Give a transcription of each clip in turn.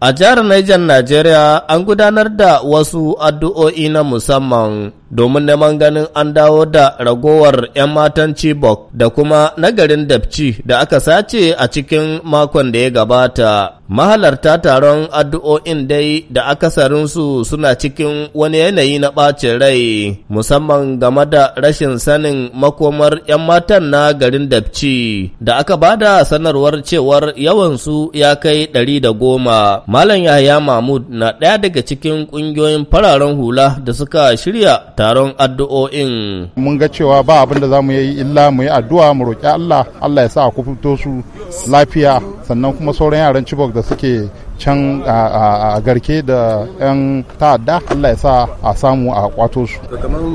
A jihar Niger Najeriya an gudanar da wasu addu'o'i na musamman domin neman ganin an dawo da ragowar 'yan matan Chibok da kuma nagarin dabci da aka sace a cikin makon da ya gabata. Mahalarta taron addu'o'in dai da akasarinsu suna cikin wani yanayi na ɓacin rai, musamman game da rashin sanin makomar 'yan matan na garin Dapci da aka bada sanarwar cewar yawansu ya kai ɗari da goma. Malam Yahaya Mahmud na ɗaya daga cikin ƙungiyoyin fararen hula da suka shirya taron addu'o'in. Mun ga cewa ba abin da za mu yi illa mu yi addu'a mu roƙi Allah, Allah ya sa a fito su lafiya sannan kuma sauran yaran Chibok da suke can a garke da 'yan ta'adda Allah ya sa a samu a kwato su.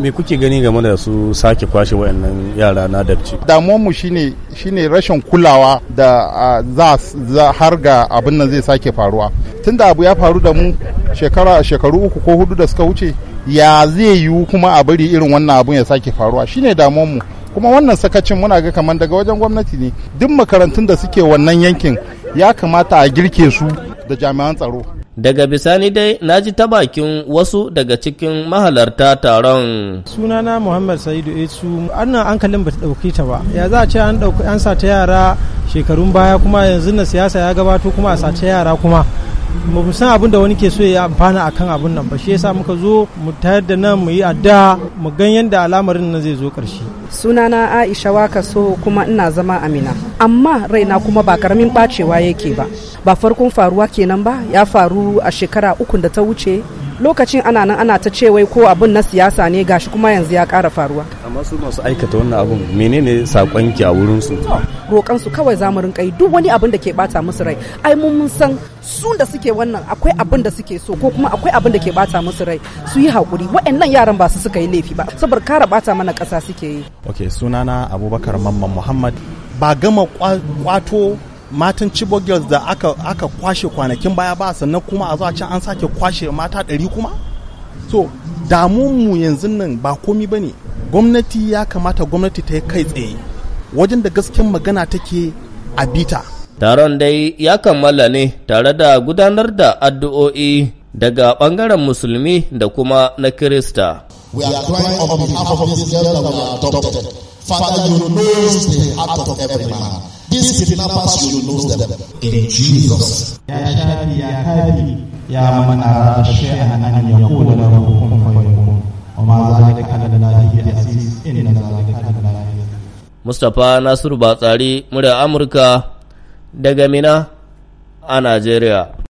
me kuke gani game da su sake kwashe wa'annan yara na dabci damuwar mu shine shine rashin kulawa da za har ga abin nan zai sake faruwa tunda abu ya faru da mu shekara shekaru uku ko hudu da suka wuce ya zai yiwu kuma a bari irin wannan abun ya sake faruwa shine damuwanmu kuma wannan sakacin muna ga kamar daga wajen gwamnati ne duk makarantun da suke wannan yankin ya kamata a girke su da jami'an tsaro daga bisani dai na ji ta bakin wasu daga cikin mahalarta taron sunana muhammad sa'idu esu annan hankalin ba ta ɗauki ta ba ya za a ce an ɗauki yara shekarun baya kuma yanzu na siyasa ya gabato kuma a sace yara kuma mu san abin da wani ke so ya amfana kan abin nan ba shi yasa muka zo mu tayar da nan mu yi adda mu gan yadda al'amarin nan zai zo karshe sunana Aisha waka so kuma ina zama Amina amma raina kuma ba karamin bacewa yake ba ba farkon faruwa kenan ba ya faru a shekara ukun da ta wuce lokacin ana nan ana ta cewai ko abun na siyasa ne gashi kuma yanzu ya kara faruwa amma su masu aikata wannan abun menene sakon ki a wurin su roƙan su kawai za mu rinka yi duk wani abun da ke bata musu rai ai mun mun san su da suke wannan akwai abun da suke so ko kuma akwai abun da ke bata musu rai su yi hakuri waɗannan yaran ba su suka yi laifi ba saboda kara bata mana ƙasa suke yi okay sunana Abubakar Mamman Muhammad ba gama kwato matan chibo girls da aka aka kwashe kwanakin baya ba sannan kuma a zuwa can an sake kwashe mata ɗari kuma so damun mu yanzu nan ba komi bane gwamnati ya kamata gwamnati ta yi kai tsaye wajen da gasken magana take a bita taron dai ya kammala ne tare da gudanar da addu'o'i daga ɓangaren musulmi da kuma na kirista We are crying on behalf of this girl that we are adopted. Father, you know the heart of every man. These kidnappers, you know them. In Jesus. يا شافي يا Mustapha Nasiru Batsari, murya Amurka daga Mina a Najeriya.